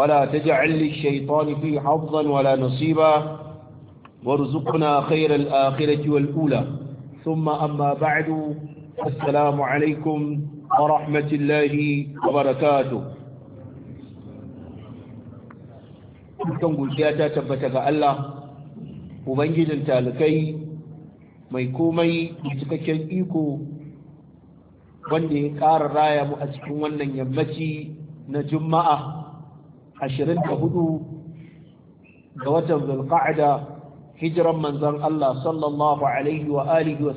ولا تجعل للشيطان فيه حظا ولا نصيبا وارزقنا خير الآخرة والأولى ثم أما بعد السلام عليكم ورحمة الله وبركاته dukkan godiya ta tabbata ga Allah ubangijin talikai mai komai da cikakken iko wanda ya ƙara raya mu a cikin wannan yammaci na juma'a ashirin da hudu ga watan zulqa'ada hijiran manzan Allah sallallahu alaihi wa alihi wa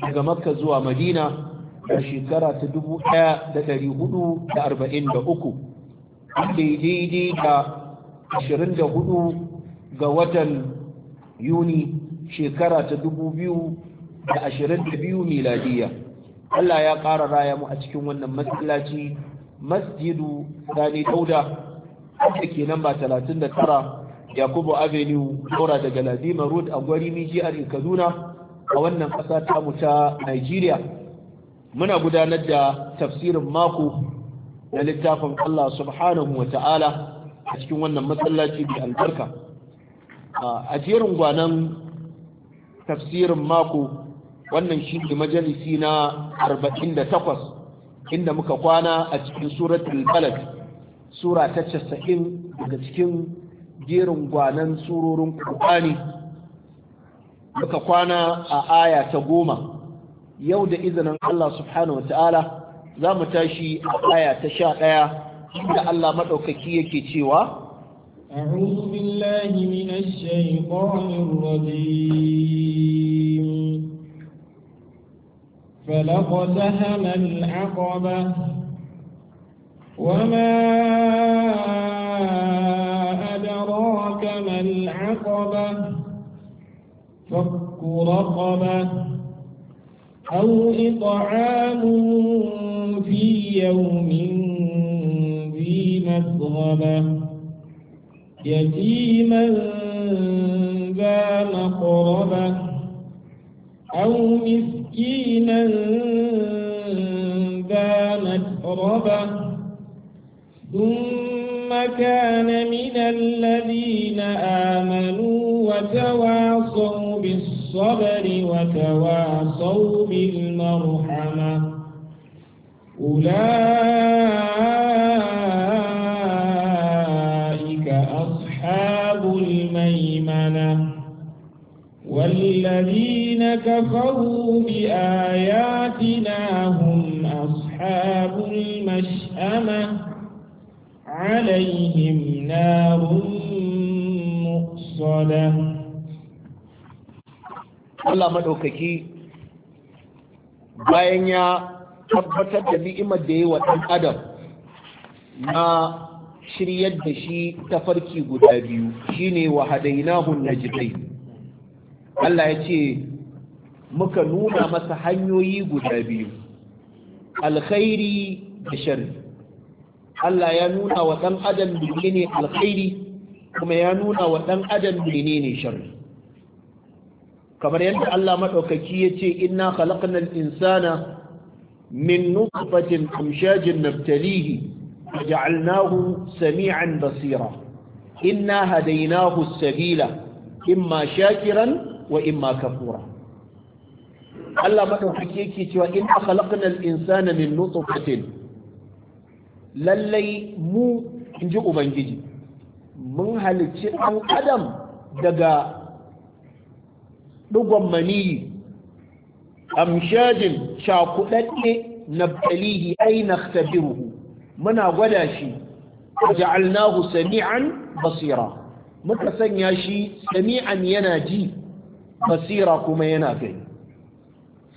daga makka zuwa madina da shekara ta dubu ɗaya da ɗari hudu da arba'in da uku daidai da ashirin da hudu ga watan yuni shekara ta dubu biyu da ashirin da biyu miladiya Allah ya ƙara raya mu a cikin wannan matsalaci masjidu sani dauda da ke nan ba 39 yakubu avenue dora daga ladima road a gwari mijiyar kaduna a wannan ƙasa tamu ta nigeria muna gudanar da tafsirin mako na littafin allah subhanahu wa ta'ala a cikin wannan masallaci mai albarka a jerin gwanan tafsirin mako wannan shi ne majalisi na 48 inda muka kwana a cikin suratul balad sura ta casa'in daga cikin jerin gwanan surorin ƙur'ani muka kwana a aya ta goma yau da izinin Allah subhanahu wa ta'ala za mu tashi a aya ta sha ɗaya inda Allah maɗaukaki yake cewa أعوذ بالله من الشيطان الرجيم فلقتهم العقبة وما أدراك ما العقبة فك رقبة أو إطعام في يوم ذي مسغبة يتيما ذا مقربة أو مسكين مسكينا ذا مكربة ثم كان من الذين آمنوا وتواصوا بالصبر وتواصوا بالمرحمة أولئك أصحاب الميمنة والذين كفروا بآياتنا هم أصحاب المشأمة عليهم نار مؤصدة Allah maɗaukaki bayan ya tabbatar da ni'imar da ya wa ɗan adam na shiryar da shi tafarki guda biyu shine wa hadainahu najdai Allah ya ce muka nuna masa hanyoyi guda biyu alkhairi da shari. Allah ya nuna wa ɗan adam menene alkhairi kuma ya nuna wa ɗan adam menene shari. kamar yadda Allah maɗaukaki ya ce inna khalaqnal insana min nutfatin amshajin nabtalihi faja'alnahu sami'an basira inna hadaynahu as-sabila imma shakiran wa imma kafura Allah madaukaki yake cewa in khalaqnal insana min nutfatin lallai mu ji ubangiji mun halicci ɗan adam daga dugon maniyi amshajin cakuɗaɗɗe na balihi aina tabiruhu muna gwada shi ja'alnahu sami'an basira muka sanya shi sami'an yana ji basira kuma yana gani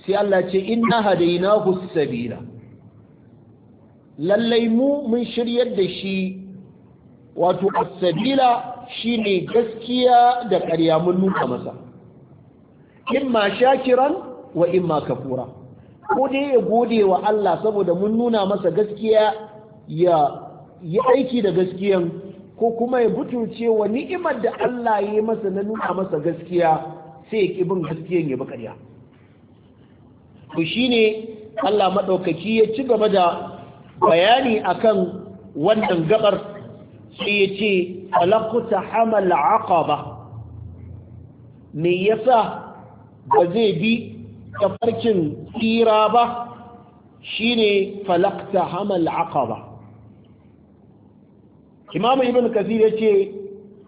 sai Allah ce inna hadainahu sabila lallai mu mun shiryar da shi wato as-sabila shine gaskiya da ƙarya mun nuna masa imma shakiran wa imma kafura ko dai ya gode wa Allah saboda mun nuna masa gaskiya ya yi aiki da gaskiyan ko kuma ya butuce wa ni'imar da Allah ya yi masa na nuna masa gaskiya sai ya ƙi bin gaskiyan ya bi ƙarya to shine Allah madaukaki ya ci gaba da bayani akan wannan gabar sai ya ce falakuta hamal aqaba me yasa ba zai bi tafarkin tsira ba shine falakta hamal aqaba imam ibn kasir yace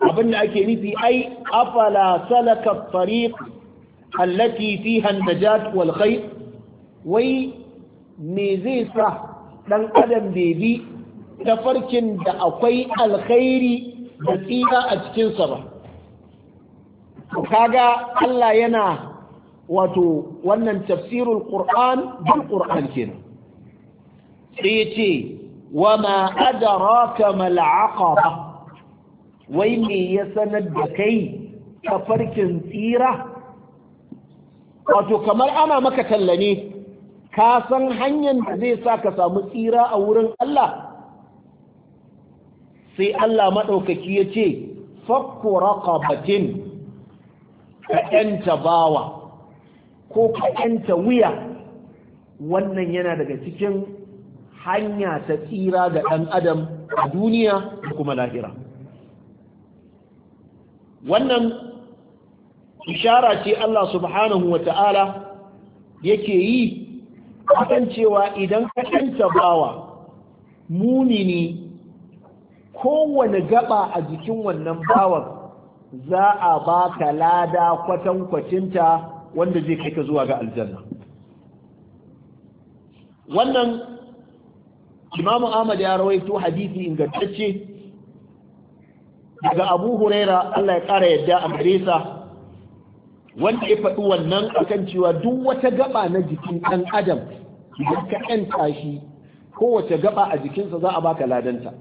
abin da ake nufi ai afala salaka tariq allati fiha an-najat wal khayr wai me zai sa ɗan adam bai bi tafarkin da akwai alkhairi da tsira a cikinsa ba kaga Allah yana wato wannan tafsirul Qur'an bil Qur'an kenan sai ce wa ma adraka mal aqaba wai me ya sanar da kai tafarkin tsira wato kamar ana maka tallane ka san hanyar da zai sa ka samu tsira a wurin Allah sai Allah maɗaukaki ya ce fakku batin ka ‘yanta bawa ko ka ‘yanta wuya wannan yana daga cikin hanya ta tsira ga ɗan adam a duniya da kuma lahira wannan ishara ce Allah subhanahu wa ta'ala yake yi akan cewa idan ka kanta bawa muni ne kowane gaba a jikin wannan bawan za a ba ka lada kwatankwacinta wanda zai kai ka zuwa ga aljanna wannan imamu ahmad ya rawaito hadisi ingantacce daga abu huraira allah ya ƙara yadda a gare wanda ya faɗi wannan akan cewa duk wata gaba na jikin ɗan adam idan ka ƴanta shi kowace gaba a jikinsa za a baka ladanta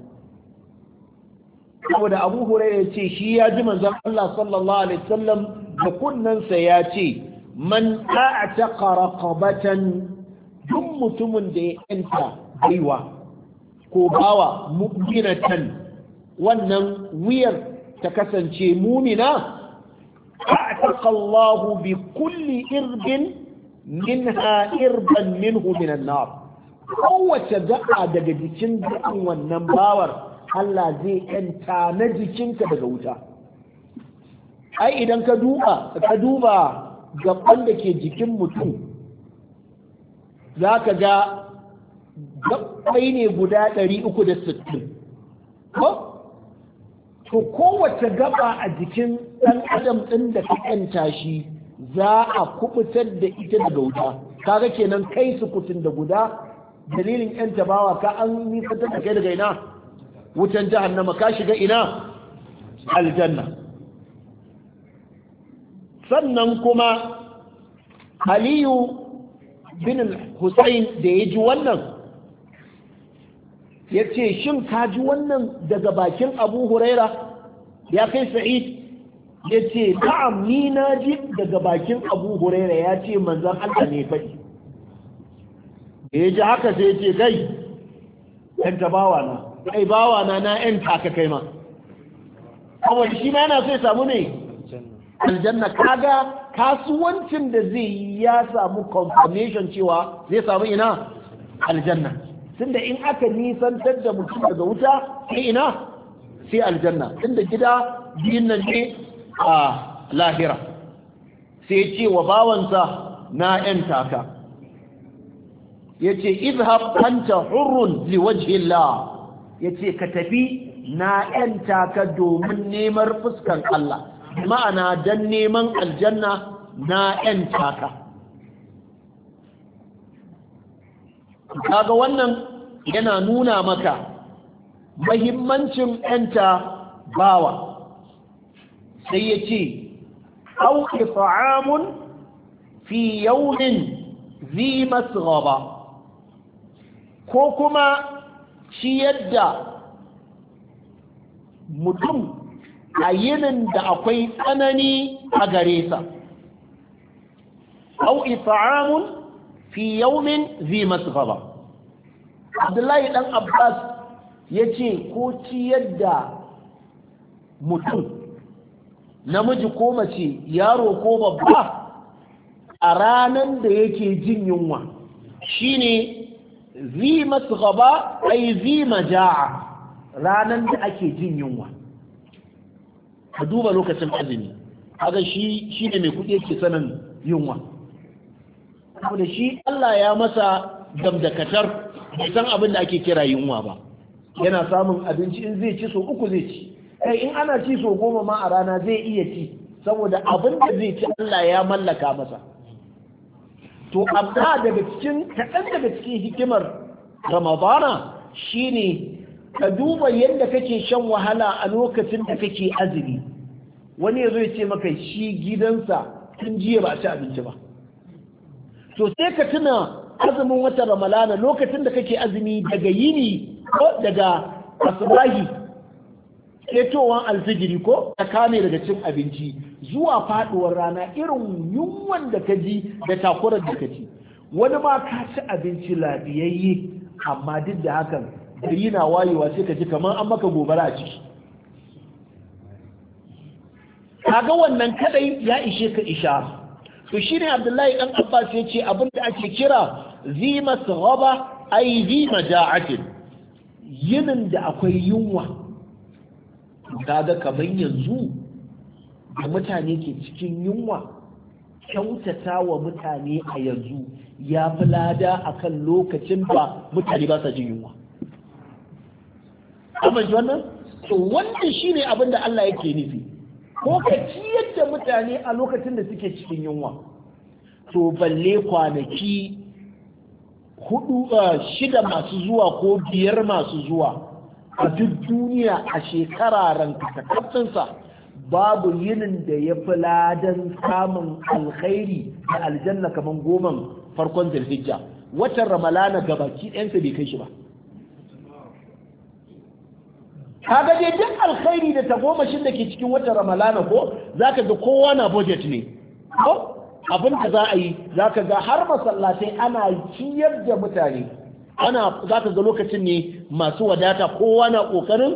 saboda abu huraira ya ce shi ya ji manzon Allah sallallahu alaihi wasallam da kunnansa ya ce man a'taqa raqabatan duk mutumin da ya ƴanta baiwa ko bawa mu'minatan wannan wuyar ta kasance mumina فاعتق الله بكل إرب منها إربا منه من النار kowace da'a daga jikin da'an wannan bawar Allah zai yanta na jikinka daga wuta ai idan ka duba duba gaban da ke jikin mutum za ka ga gabai ne guda ɗari da sittin. to kowace gaba a jikin ɗan adam ɗin da ka ƙanta shi za a kubutar da ita daga wuta kaga kenan kai su kutun da guda dalilin ƴan tabawa ka an nisantar da kai daga ina wutan jahannama ka shiga ina aljanna sannan kuma aliyu bin Hussain da ya ji wannan ya ce shin ka ji wannan daga bakin abu huraira ya kai sa'id ya ce na'am ni na ji daga bakin abu huraira ya ce manzan allah ne faɗi da ya ji haka sai ya ce kai yanta bawa na kai bawa na na yanta taka kai ma kawai shi ma yana so ya samu ne aljanna kaga kasuwancin da zai yi ya samu confirmation cewa zai samu ina aljanna da in aka nisantar da mutum daga wuta sai ina sai aljanna tunda gida biyun nan ne a lahira sai ce wa bawansa na yan taka yace izhab anta hurrun liwajhi Allah yace ka tafi na yan taka domin neman fuskan Allah ma'ana dan neman aljanna na yan taka kaga wannan yana nuna maka mahimmancin ‘yanta bawa sai ya ce auki fa'amun fi yaunin zi gaba, ko kuma shi yadda mutum a yinin da akwai tsanani a gare sa auki fa'amun fi yaumin zi masgaba. abdullahi dan abbas ya ce ko ciyar da mutum namiji ko mace yaro ko babba a ranan da yake jin yunwa shine zi masgaba ai zi maja'a ranan da ake jin yunwa ka duba lokacin azumi kaga shi shine mai kuɗi yake sanin yunwa saboda shi Allah ya masa damdakatar bai san abin da ake kira yunwa ba yana samun abinci in zai ci so uku zai ci kai in ana ci so goma ma a rana zai iya ci saboda abin da zai ci Allah ya mallaka masa to amma daga cikin kaɗan daga cikin hikimar ramadana shine ka duba yadda kake shan wahala a lokacin da kake azumi wani ya zo ya ce maka shi gidansa tun jiya ba a ci abinci ba to sai ka tuna azumin watan ramalana lokacin da kake azumi daga yini ko daga asubahi ketowar alfijiri ko ta kame daga cin abinci zuwa faduwar rana irin yunwan da ka ji da takurar da ka ji wani ma ka ci abinci labiyayye amma duk da hakan yi na wayewa sai ka ji kamar an maka gobara a ciki Ka ga wannan kadai ya ishe ka isha to ne abdullahi ɗan abbas ya ce da ake kira zima sahaba ai zima ja'atin yinin da akwai yunwa kaga kamar yanzu da mutane ke cikin yunwa kyautata wa mutane a yanzu ya fi lada a kan lokacin da mutane ba sa jin yunwa amma wannan to wannan shine abin da Allah yake nufi ko ka ciyar da mutane a lokacin da suke cikin yunwa to balle kwanaki hudu shida masu zuwa ko biyar masu zuwa a duk duniya a shekara rankatakacinsa babu yinin da ya fi ladan samun alkhairi da aljanna kamar goman farkon zilhijja watan ramalana gabaki ɗansa bai kai shi ba kaga dai duk alkhairi da ta shi da ke cikin wata ramalana ko zaka ga kowa na budget ne ko abin da za a yi zaka ga har masallatai ana ciyar da mutane ana zaka ga lokacin ne masu wadata kowa na kokarin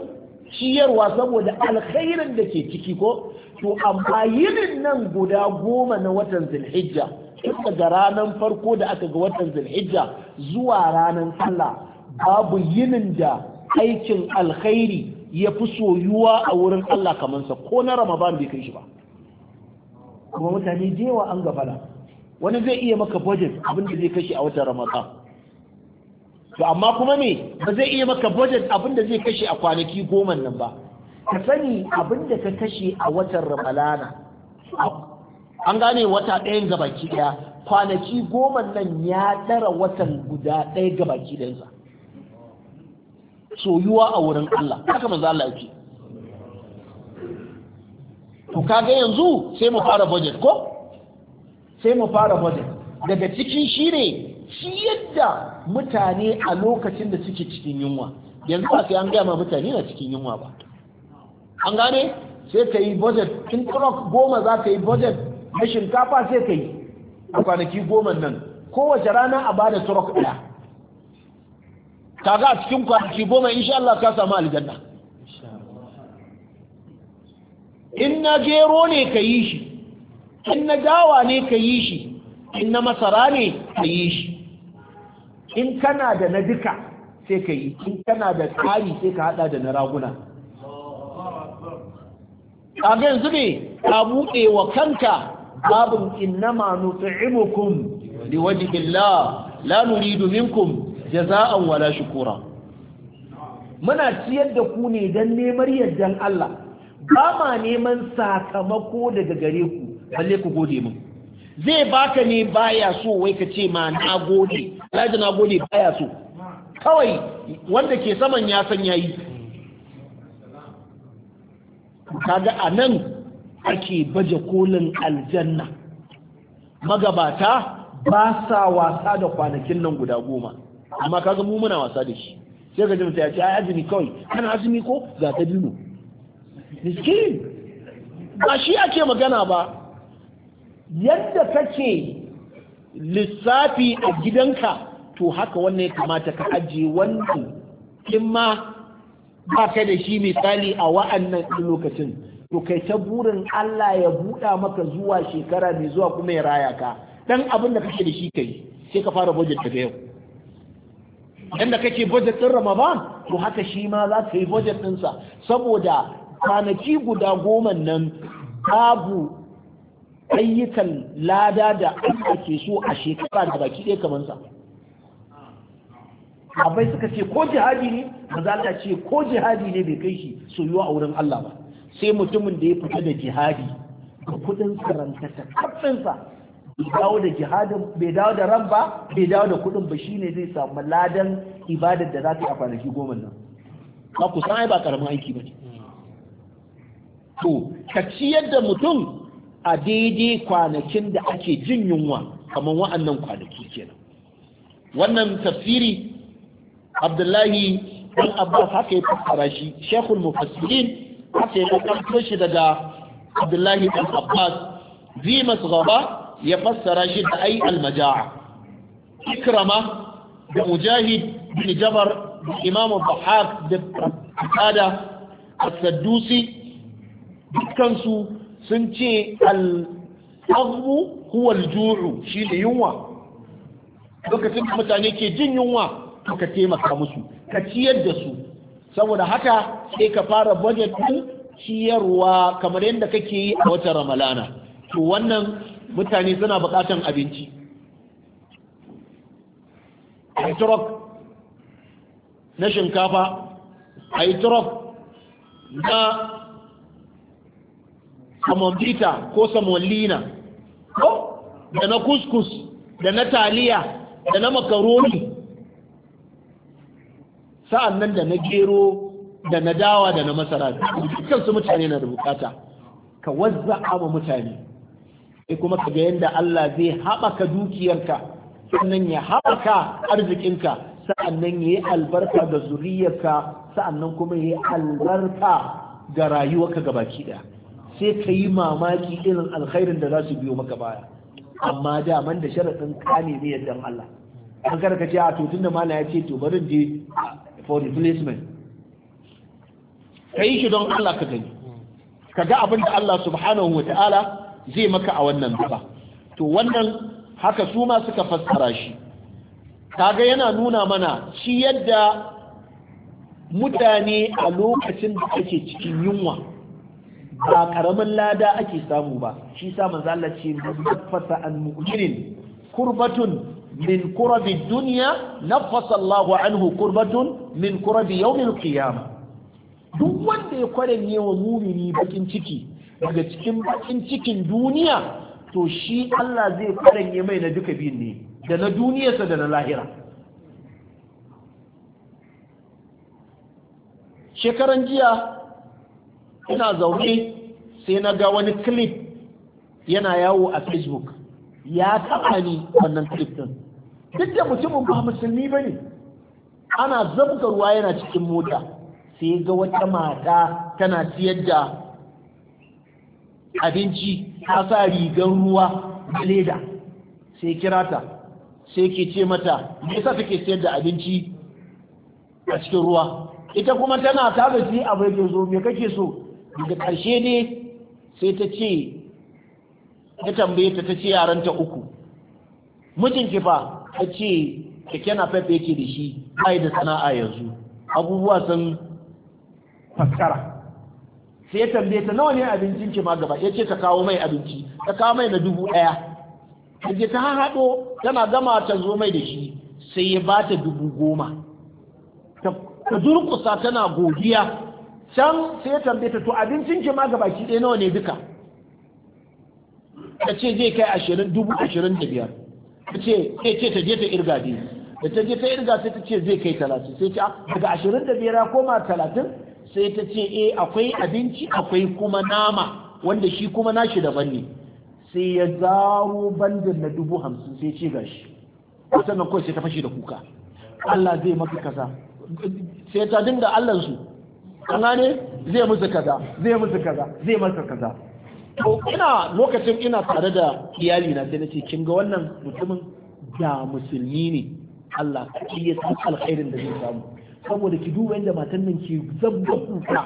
ciyarwa saboda alkhairin da ke ciki ko to amma yinin nan guda goma na watan zulhijja kuma daga ranar farko da aka ga watan zulhijja zuwa ranar sallah babu yinin da aikin alkhairi ya fi soyuwa a wurin Allah kamansa ko na ramadan bai kai shi ba kuma mutane jewa an gafala wani zai iya maka budget abin da zai kashe a watan ramadan to amma kuma me ba zai iya maka budget abin da zai kashe a kwanaki goma nan ba ka sani abin da ka kashe a watan ramadana an gane wata ɗayan gabaki ɗaya kwanaki goma nan ya ɗara watan guda ɗaya gabaki ɗayansa soyuwa a wurin Allah haka manzo Allah yake to kaga yanzu sai mu fara budget ko sai mu fara budget daga cikin shi ne shi yadda mutane a lokacin da suke cikin yunwa yanzu ba sai an ma mutane na cikin yunwa ba an gane sai ka yi budget in truck goma za ka yi budget na shinkafa sai ka yi a kwanaki goma nan kowace rana a bada truck ɗaya kaga a cikin kwanaki goma insha Allah ka samu aljanna in na gero ne ka yi shi in na dawa ne ka yi shi in na masara ne ka yi shi in kana da na duka sai ka yi in kana da kari sai ka hada da na raguna kaga yanzu ne ka buɗe wa kanka babin innama nut'imukum liwajhillah la nuridu minkum jaza'an wala shukura muna ciyar da ku ne don neman yardan Allah ba ma neman sakamako daga gare ku balle ku gode mu zai baka ne baya so wai ka ce ma na gode laji na gode baya so kawai wanda ke saman ya san yayi kaga a nan ake baje kolin aljanna magabata ba sa wasa da kwanakin nan guda goma amma kaga mu muna wasa da shi sai ka ji ya ce ai azumi kawai kana azumi ko ga ta dino miskin ba shi ake magana ba yadda kake lissafi a gidanka to haka wannan ya kamata ka ajiye wannan kin ma ba kai da shi misali a wa'annan lokacin to kai ta burin Allah ya buɗa maka zuwa shekara mai zuwa kuma ya raya ka dan abin da kake da shi kai sai ka fara budget daga yau yadda kake budget ɗin ramadan to haka shi ma za ka yi budget ɗinsa saboda kwanaki guda goma nan babu ayyukan lada da Allah ke so a shekara da baki ɗaya kamar sa abai suka ce ko jihadi ne ba za ta ce ko jihadi ne bai kai shi soyuwa a wurin Allah ba sai mutumin da ya fita da jihadi ga kudin karanta ta kafinsa bai dawo da jihadin bai dawo da ran ba bai dawo da kuɗin ba shine zai samu ladan ibadar da za ta yi a kwanaki goma nan ba ku san ai ba karamin aiki ba to ka ciyar da mutum a daidai kwanakin da ake jin yunwa kamar wa'annan kwanaki kenan wannan tafsiri abdullahi dan abbas haka ya fassara shi shekul mufassirin haka ya kanto shi daga abdullahi dan abbas zimas gaba ya fassara shi da ai almaja'a ikrama da mujahid bin jabar da imam bahar da qada as-saddusi dukkansu sun ce al-aghmu huwa al-ju'u shi ne yunwa lokacin da mutane ke jin yunwa to ka taimaka musu ka ciyar da su saboda haka sai ka fara budget ciyarwa kamar yadda kake yi a watan ramalana to wannan mutane suna buƙatan abinci a na shinkafa a turok na samonbita ko samonlina ko da na kuskus da na taliya da na makaroni sa'an nan da na gero da na dawa da na masara dukkan su mutane na da bukata ka wazza'a ama mutane sai kuma ka ga yadda Allah zai haɓaka dukiyarka sannan ya haɓaka arzikinka sa'annan ya yi albarka ga zuriyarka sa'annan kuma ya yi albarka ga rayuwarka gabaki ɗaya sai ka yi mamaki irin alkhairin da za su biyo maka baya amma daman da sharaɗin kane ne yadda Allah an ka ce a tutun da mala ya ce to barin je for replacement ka yi shi don Allah ka gani ka ga abin da Allah subhanahu wa ta'ala zai maka a wannan duka. to wannan haka su ma suka fassara shi kaga yana nuna mana shi yadda mutane a lokacin da ake cikin yunwa ba karamin lada ake samu ba shi sa manzo Allah ce nafasa an mu'minin kurbatun min kurabi duniya nafasa Allahu anhu kurbatun min kurabi yawmil qiyamah duk wanda ya kwarenye wa mumini bakin ciki daga cikin bakin cikin duniya to shi Allah zai faranye mai na duka biyun ne da na duniyarsa da na lahira shekaran jiya ina zaune sai na ga wani clip yana yawo a facebook ya taba ni wannan clip din duk da mutumin ba musulmi ba ne ana zabga ruwa yana cikin mota sai ga wata mata tana siyar da abinci ta sa rigar ruwa na leda sai kira ta sai ke ce mata me yasa take sayar da abinci a cikin ruwa ita kuma tana ta shi a bai zo me kake so daga ƙarshe ne sai ta ce ta tambaye ta ta ce yaranta uku mijin kifa ta ce keke na fefe yake da shi bai da sana'a yanzu abubuwa sun faskara sai ya tambaye ta nawa ne abincin ki ma gaba ya ce ta kawo mai abinci ta kawo mai na dubu ɗaya ta je ta haɗo tana gama ta zo mai da shi sai ya ba ta dubu goma ta durƙusa tana godiya can sai ya tambaye ta to abincin ki ma gaba ki ɗaya nawa ne duka ta ce zai kai ashirin dubu ashirin da biyar ta ce ce ta je ta irga biyu da ta je ta irga sai ta ce zai kai talatin sai ce ah, daga ashirin da biyar ya koma talatin sai ta ce eh akwai abinci akwai kuma nama wanda shi kuma nashi daban ne sai ya zaro bandin na dubu hamsin sai ce gashi sannan kawai sai ta fashe da kuka Allah zai mafi kaza sai ta dinga Allahnsu Kana an gane zai musu kaza zai musu kaza zai masa kaza to ina lokacin ina tare da iyali na sai nace kin ga wannan mutumin da musulmi ne Allah kai ya san alkhairin da zai samu saboda ki duba inda matan nan ke zabba kuka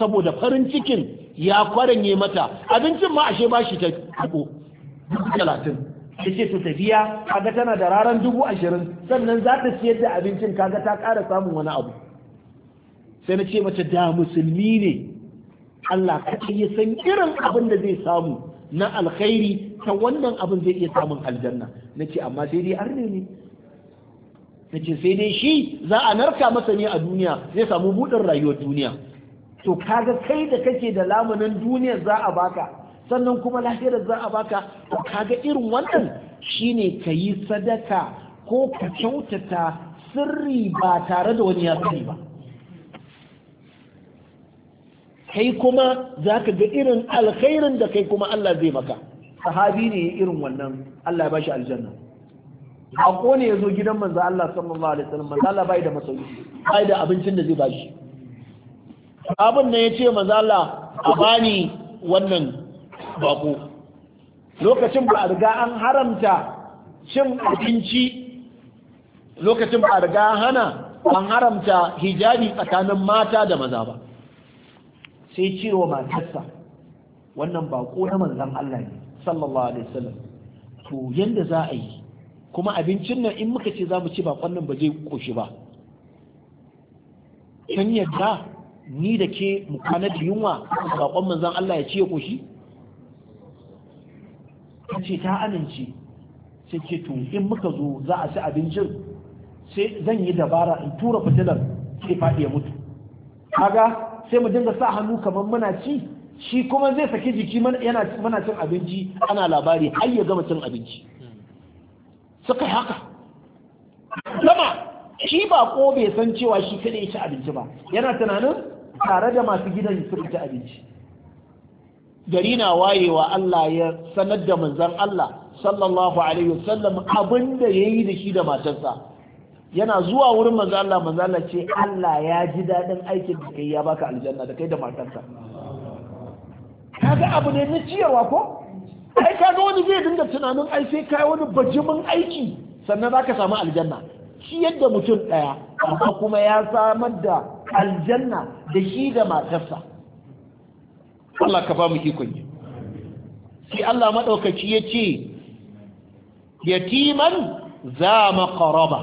saboda farin cikin ya kwaranye mata abincin ma ashe ba shi ta dubu talatin ta ce to tafiya kaga tana da raran dubu ashirin sannan za ta siyar da abincin kaga ta ƙara samun wani abu sai na ce mace da musulmi ne Allah ce ya san irin abin da zai samu na alkhairi ta wannan abin zai iya samun aljanna na ce amma sai dai arne ne na sai dai shi za a narka masa ne a duniya zai samu buɗin rayuwar duniya to kaga kai da kake da lamunan duniya za a baka sannan kuma lahirar za a baka to kaga irin wannan shine kayi sadaka ko ka kyautata sirri ba tare da wani ya sani ba kai kuma za ka ga irin alkhairin da kai kuma Allah zai maka sahabi ne irin wannan Allah ya bashi aljanna a kone ya zo gidan manzo Allah sallallahu alaihi wasallam manzo Allah bai da masauki bai da abincin da zai bashi abin nan yace manzo Allah a bani wannan bako lokacin ba a riga an haramta cin abinci lokacin ba a riga hana an haramta hijabi tsakanin mata da maza ba sai cewa matarsa wannan bako na manzon Allah ne sallallahu alaihi wasallam to yanda za a yi kuma abincin nan in muka ce za mu ci ba nan ba zai koshi ba kan yadda ni da ke mukanar da yunwa bakon manzan Allah ya ci ya koshi ta ce ta amince sai ke to in muka zo za a ci abincin sai zan yi dabara in tura fitilar sai faɗi ya mutu kaga sai mu dinga sa hannu kamar muna ci shi kuma zai saki jiki yana cin abinci ana labari har ya gama cin abinci suka haka Zama shi ba ko bai san cewa shi kada ya ci abinci ba yana tunanin tare da masu gidan suka ci abinci gari na wayewa Allah ya sanar da Manzan Allah sallallahu alaihi wasallam abin da ya yi da shi da matarsa yana zuwa wurin manzan Allah manzan Allah ce Allah ya ji daɗin aikin da kai ya baka aljanna da kai da matarsa kaga abu ne na ciyarwa ko ai kaga wani zai dinga tunanin ai sai kai wani bajimin aiki sannan zaka samu aljanna shi yadda mutum ɗaya. amma kuma ya samar da aljanna da shi da matarsa Allah ka ba mu ikon yi sai Allah maɗaukaci ya ce yatiman za maqaraba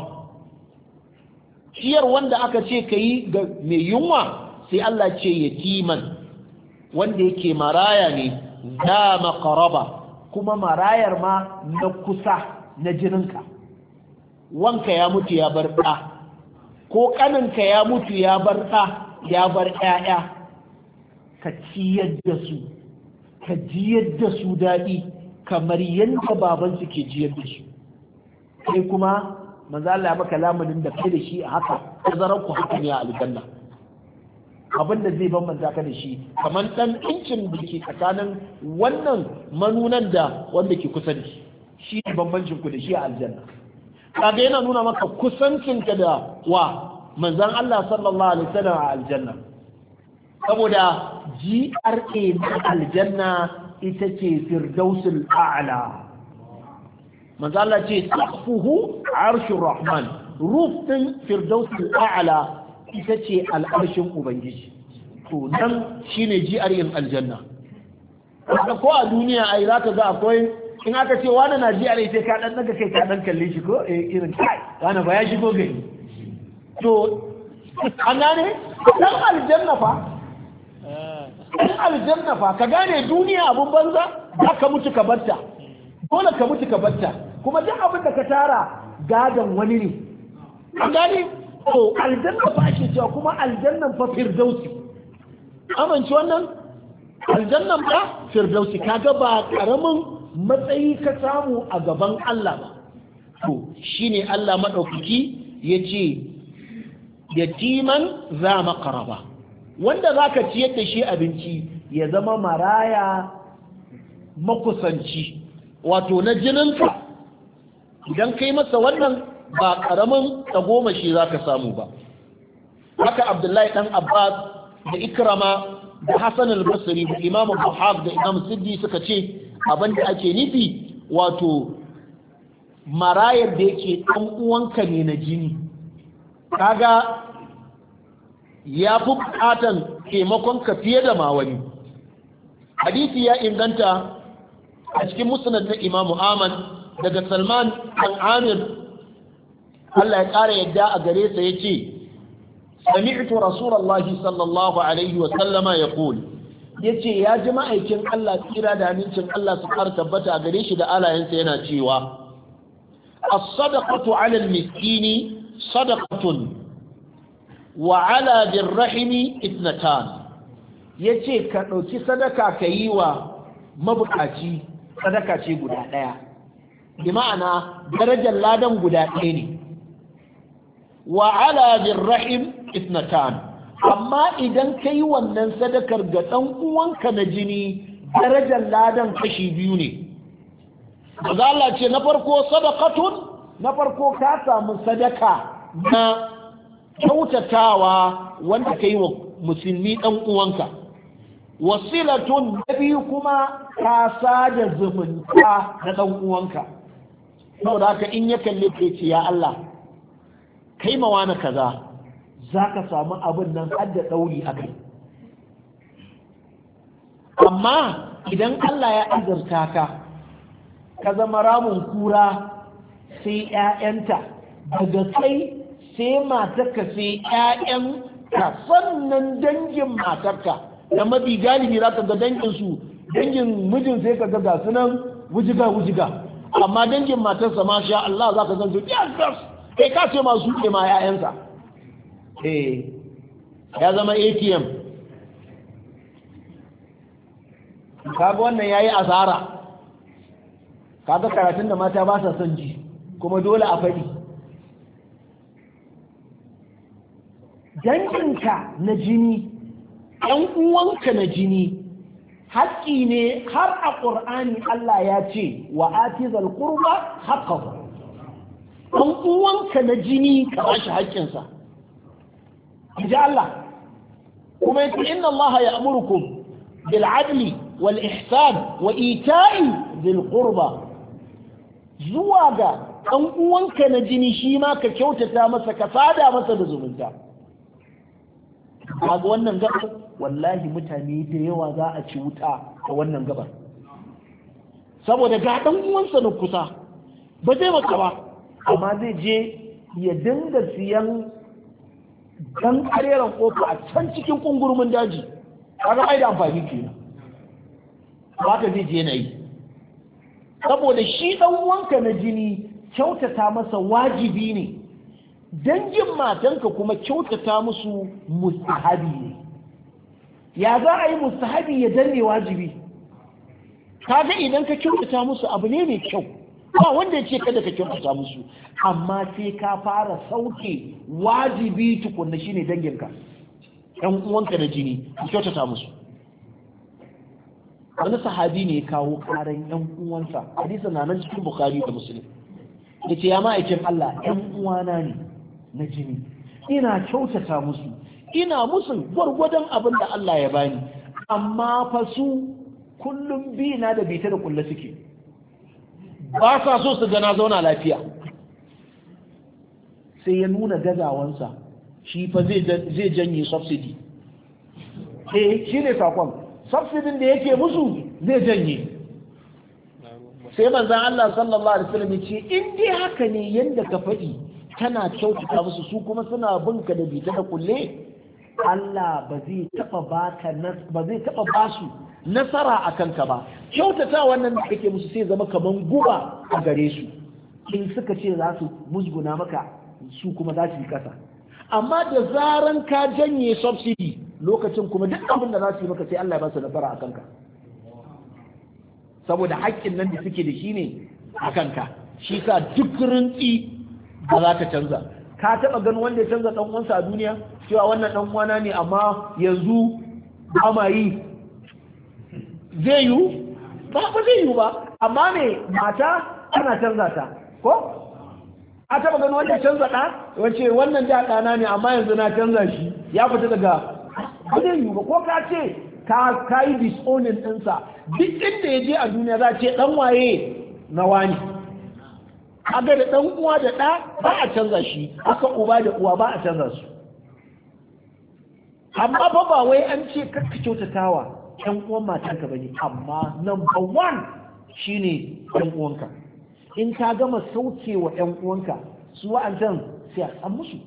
ciyar wanda aka ce kayi ga mai yunwa sai Allah ce yatiman wanda yake maraya ne za maqaraba kuma marayar ma na kusa na jininka wanka ya mutu ya bar ɗa ko ƙaninka ya mutu ya bar ɗa ya bar ƴaƴa ka ciyar da su ka jiyar da su daɗi kamar yadda babansu ke jiyar da su kai kuma maza Allah ya maka lamunin da kai da shi a haka tazarar ku haka ne a aljanna abin da zai bambanta ka da shi kamar dan incin da ke tsakanin wannan manunan da wanda ke kusa da shi shi ne bambancin ku da shi a aljanna kaga yana nuna maka kusancin ka da wa manzon Allah sallallahu alaihi wasallam a aljanna saboda GRA na aljanna ita ce firdausul a'la manzon Allah ce tsafuhu arshur rahman ruf din firdausul a'la ita ce al'arshin ubangiji to nan shine ji'arin aljanna Wanda ko a duniya ai za ka ga akwai in aka ce wani na ji alai sai ka dan daga kai ka dan kalle shi ko eh irin kai wani ba ya shigo gari to an gane dan aljanna fa dan aljanna fa ka gane duniya abun banza za ka mutu ka barta dole ka mutu ka barta kuma duk abin da ka tara gadon wani ne an gane to aljanna ba ake cewa kuma aljannan fa firdausi amince wannan aljannan ba firdausi kaga ba karamin matsayi ka samu a gaban Allah ba to shine Allah madaukaki yace yatiman za maqraba wanda zaka ciyar da shi abinci ya zama maraya makusanci wato na jininka idan kai masa wannan ba karamin shi za ka samu ba haka abdullahi Ɗan abbas da ikrama da hassan al-basri da imam buhab da imam siddi suka ce abin da ake nufi wato marayar da yake dan uwanka ne na jini kaga ya fi bukatan taimakon ka fiye da ma wani hadisi ya inganta a cikin musnad na imam ahmad daga salman al-amir Allah ya ƙara yadda a gare sa yace sami'tu rasulallah sallallahu alaihi wa sallama ya yace ya ji ma'aikin Allah tsira da amincin Allah su ƙara tabbata a gare shi da alayensa yana cewa as-sadaqatu 'ala al-miskini sadaqatun wa 'ala dirrahimi Ya yace ka ɗauki sadaka ka yi wa mabukaci sadaka ce guda ɗaya bi ma'ana darajar ladan guda ɗaya ne wa ala rahim isnatan amma idan ka wannan sadakar ga ɗan uwanka na jini darajar ladan kashi biyu ne maza Allah ce na farko sadakatun na farko ka samu sadaka na kyautatawa wanda ka yi wa musulmi ɗan uwanka wasilatun na biyu kuma ka sada zumunta na ɗan uwanka saboda haka in ya kalle ke ce ya Allah kai mawa na kaza za ka samu abin nan har da ɗauri a kai amma idan Allah ya azurta ka ka zama ramin kura sai ‘ya'yanta daga kai sai matarka sai ‘ya'yan ka sannan dangin matarka da mafi galibi za ka ga danginsu dangin mijin sai ka ga sunan wujiga wujiga amma dangin matarsa ma sha Allah za ka zan su kai ka ce masu ke ma yayansa eh ya zama atm kaga wannan yayi asara kaga karatun da mata ba sa son ji kuma dole a faɗi danginka na jini ɗan uwanka na jini haƙƙi ne har a ƙur'ani Allah ya ce wa atizal qurba haqqahu ɗan uwanka na jini ka ba shi haƙƙinsa ji Allah kuma yake inna Allah ya amurkum bil adli wal ihsan wa ita'i bil qurba zuwa ga ɗan uwanka na jini shi ma ka kyautata masa ka sada masa da zumunta ga wannan gabar wallahi mutane da yawa za a ci wuta a wannan gabar saboda ga ɗan uwansa na kusa ba zai maka ba amma zai je ya dinga siyan dan kareren kofa a can cikin kungurumin daji kaga ai da amfani kenan ba ka zai je na yi saboda shi dan wanka na jini kyautata masa wajibi ne dangin matanka kuma kyautata musu mustahabi ne ya za a yi mustahabi ya danne wajibi kaga idan ka kyautata musu abu ne mai kyau ba wanda ya ce kada ka kyautata musu amma sai ka fara sauke wajibi tukunna shine danginka ɗan uwanka na jini ka kyautata musu wani sahabi ne ya kawo karan ɗan uwansa hadisa na nan cikin bukari da musulun ya ce ya ma'aikin Allah ɗan uwana ne na jini ina kyautata musu ina musu gwargwadon abin da Allah ya bani amma fa su kullum bi na da bita da kulle suke ba sa so su gana zauna lafiya sai ya nuna gazawansa shi fa zai janye subsidi eh shi ne sakon subsidin da yake musu zai janye sai manzan Allah sallallahu alaihi wasallam ce in dai haka ne yadda ka faɗi tana kyautata musu su kuma suna bin ka da bita da kulle Allah ba zai taɓa ba su basu nasara a kanka ba kyautata wannan da kake musu sai zama kamar guba a gare su in suka ce za su musguna maka su kuma za su yi kasa amma da zaran ka janye subsidi lokacin kuma duk abin da za su yi maka sai Allah ba su nasara a kanka saboda haƙƙin nan da suke da shi ne a kanka shi sa duk rintsi ba za ta canza ka taba gan wanda ya canza dan uwansa a duniya cewa wannan dan uwana ne amma yanzu ba yi zai yi ba ba zai yi ba amma ne mata ana canza ta ko a taba gan wanda ya canza da wace wannan da ɗana ne amma yanzu na canza shi ya fita daga ba zai yi ba ko ka ce ka kai disowning ɗinsa duk inda ya je a duniya za a ce ɗan waye na wani ga da ɗan uwa da ɗa ba a canza shi haka uba da uwa ba a canza su amma ba ba wai an ce kakka kyautatawa yan uwan matanka bane amma number one ne yan uwanka in ka gama sauke wa yan uwanka su can sai a san musu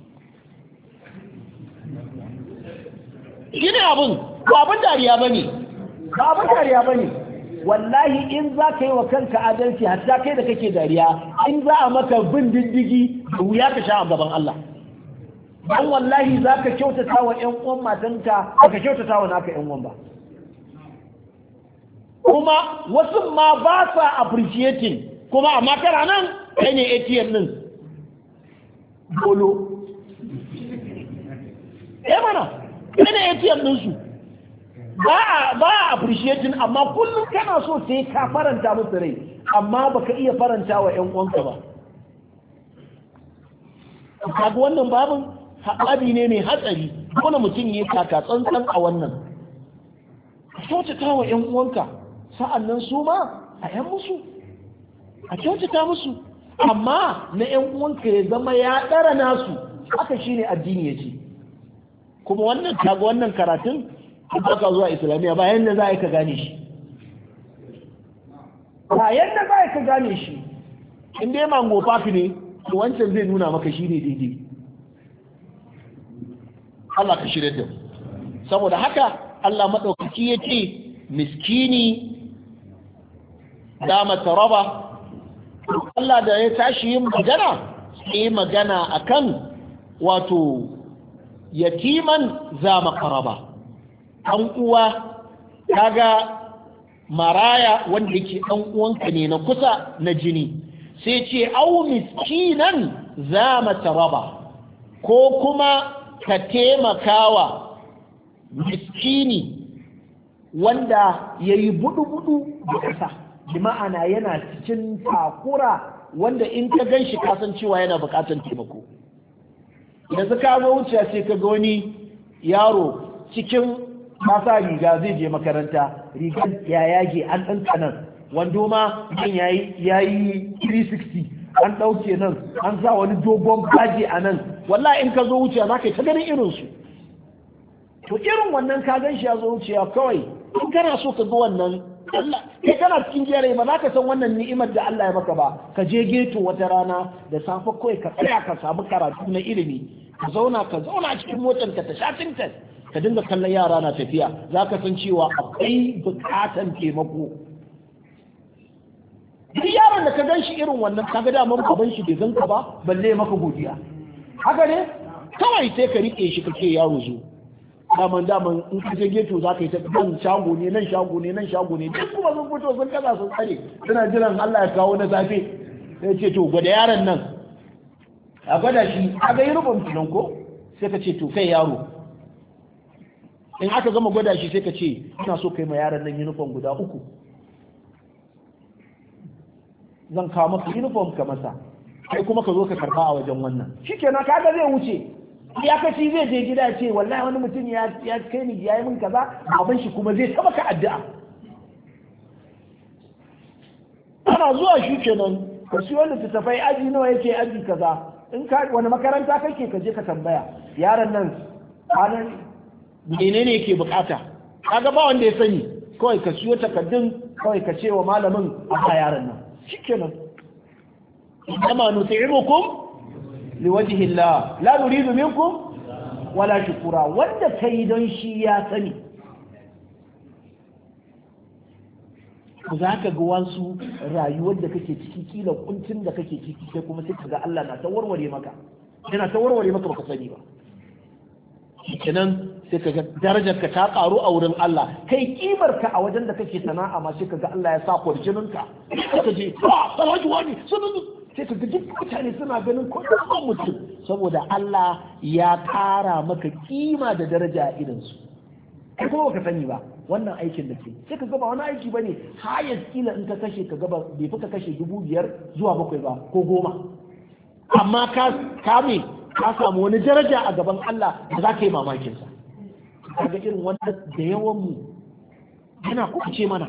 gina abin ba abin dariya bane ba abin dariya bane wallahi in za ka yi wa kanka adalci hatta kai da kake dariya in za a maka bin diddigi da wuya ka sha a gaban Allah An wallahi za ka kyautata wa yan uwan matanka ba ka kyautata wa naka ƴan uwan ba kuma wasu ma ba sa appreciating kuma a makara nan kai ne ATM din bolo ya eh mana kai ne ATM din su ba a appreciating amma kullum kana so sai ka faranta musu rai amma baka iya faranta wa ‘yan kwanka ba kaga wannan babin haɗabi ne mai hatsari dole mutum ya kaka tsantsan a wannan kyautata wa ƴan uwanka nan su ma a 'yan musu a kyautata musu amma na 'yan'uwanka uwanka ya zama ya ɗara nasu haka shine addini ya ce kuma wannan kaga wannan karatun in ba ka zuwa islamiyya ba yadda za a ka gane shi ba yadda za a ka gane shi in dai mango park ne to wancan zai nuna maka shi ne daidai Allah ka shirya da saboda haka Allah maɗaukaki ya ce miskini dama taraba Allah da ya tashi yin magana sai magana akan wato yatiman za makaraba ɗan uwa kaga maraya wanda yake ɗan uwanka ne na kusa na jini sai ce au miskinan za mata raba ko kuma ka taimakawa miskini wanda ya yi budu-budu da ƙasa bi ma'ana yana cikin takura wanda in ka gan shi kasancewa yana buƙatar taimako yanzu ka zo wuce sai ka ga wani yaro cikin ba sa riga zai je makaranta riga ya yage an ɗan nan wando ma nan ya yi 360 an ɗauke nan an sa wani dogon baji a nan walla in ka zo wuce za ka ta ganin irinsu to irin wannan ka gan shi ya zo wucewa kawai in kana so ka ga wannan Allah kai kana cikin jere ba za ka san wannan ni'imar da Allah ya maka ba ka je geto wata rana da safe kawai ka tsaya ka samu karatu na ilimi ka zauna ka zauna cikin motar ka ta sha ka dinga kallon yara na tafiya za ka san cewa akwai bukatan taimako duk yaron da ka gan shi irin wannan kaga daman ban shi bai zanka ba balle maka godiya haka ne kawai sai ka rike shi kake yaro zo daman daman in ka je geto za ka yi ta nan shago ne nan shago ne nan shago ne duk kuma sun fito sun kaza sun tsare suna jiran Allah ya kawo na safe sai ce to gwada yaron nan a gwada shi a ga yi rubin ko sai ka ce to kai yaro in aka gama gwada shi sai ka ce ina so kai ma yaran nan uniform guda uku zan kawo maka uniform ka masa kai kuma ka zo ka karba a wajen wannan shikenan kaga zai wuce iyakaci zai je gida ce wallahi wani mutum ya kai ni ya yi min kaza baban shi kuma zai taba ka addu'a ana zuwa shi kenan ka siyo littattafai aji nawa yake aji kaza in ka wani makaranta kake ka je ka tambaya yaron nan menene ke bukata kaga ba wanda ya sani kawai ka siyo takaddun kawai ka ce wa malamin a ba yaran nan shikenan kama nuti'imukum liwajhi Allah la nuridu minkum wala shukura wanda kai don shi ya sani za ka ga wasu rayuwar da kake ciki kila kuncin da kake ciki sai kuma sai ka ga Allah na ta maka yana ta warware maka baka sani ba kenan sai ka ta karu a wurin Allah kai kimar ka a wajen da kake sana'a ma sai ka ga Allah ya sa kwarjinin ka ka je ah salatu wani sai ka ah, duk mutane suna ganin kwarjinin ah, mutum saboda Allah ya kara maka kima da daraja a irin su kai kuma baka sani ba wannan aikin da ke sai ka ga ba wani aiki bane hayar kila in ka kashe ka gaba bai fi kashe dubu biyar zuwa bakwai ba ko goma amma ka kame ka samu wani daraja a gaban Allah da za ka yi mamakin sa kaga irin wanda da yawan mu yana kuce mana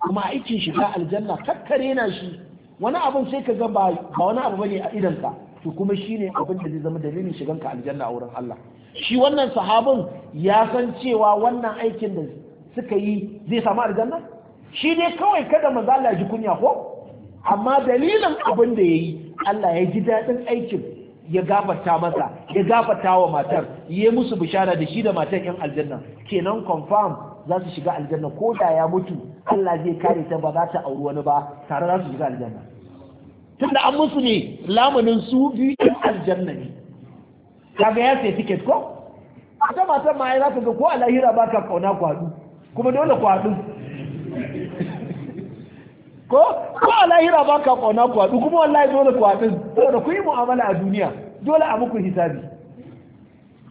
kuma aikin shiga aljanna kakkare na shi wani abin sai ka ga ba wani abu bane a ka. to kuma shine abin da zai zama dalilin shigan ka aljanna a wurin Allah shi wannan sahabin ya san cewa wannan aikin da suka yi zai samu aljanna shi dai kawai kada manzo Allah ji kunya ko amma dalilin abin da yayi Allah ya ji dadin aikin ya gafarta masa ya gafarta wa matar ya musu bishara da shi da matar yan aljanna kenan confirm za su shiga aljanna ko da ya mutu Allah zai kare ta ba za ta auri wani ba tare za su shiga aljanna tunda an musu ne lamunin su biyu yan aljanna ne kaga ya sai ticket ko ta matar ma ya za ka ga ko a lahira ba ka kauna ku kuma dole ku ko ko a lahira ba ka ƙauna ku haɗu kuma wallahi dole ku haɗu dole ku yi mu'amala a duniya dole a muku hisabi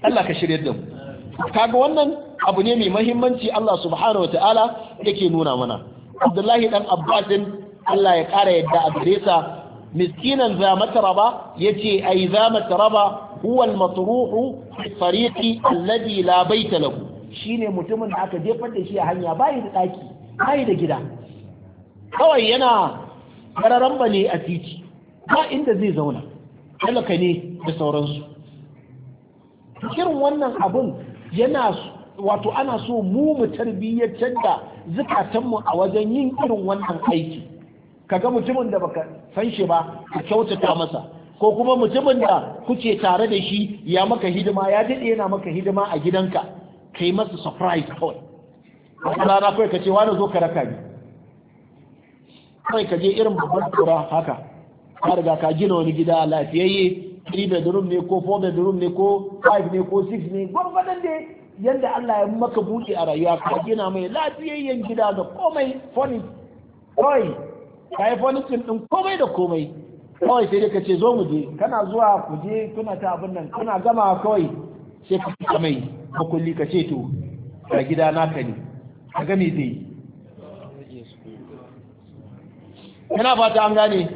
Allah ka shirya da mu kaga wannan abu ne mai mahimmanci Allah subhanahu wataala yake nuna mana Abdullahi dan Abbasin Allah ya ƙara yadda a gare sa miskinan za mataraba yace ai za mataraba huwa al-matruhu fi tariqi alladhi la bayta lahu shine mutumin da aka jefar da shi a hanya bai da daki bai da gida kawai yana ba ne a titi ba inda zai zauna talaka ne da sauransu irin wannan abun yana wato ana so mu mu tarbiyyar da zukatanmu a wajen yin irin wannan aiki kaga mutumin da baka san shi ba a kyautata masa ko kuma mutumin da kuke tare da shi ya maka hidima ya daɗe yana maka hidima a gidanka kai masa surprise kawai wata rana kawai ka ce wani zo ka raka ni kai ka je irin babban kura haka ka riga ka gina wani gida lafiyayye 3 bedroom ne ko 4 bedroom ne ko 5 ne ko 6 ne gwargwadon da yadda Allah ya maka buɗe a rayuwa ka gina mai lafiyayyen gida da komai furniture kawai ka yi furniture ɗin komai da komai kawai sai dai ka ce zo mu je kana zuwa ku je kuna ta abin nan kuna gama kawai sai ka mai makulli ka ce to ga gida naka ne ka gami zai yana fata an gane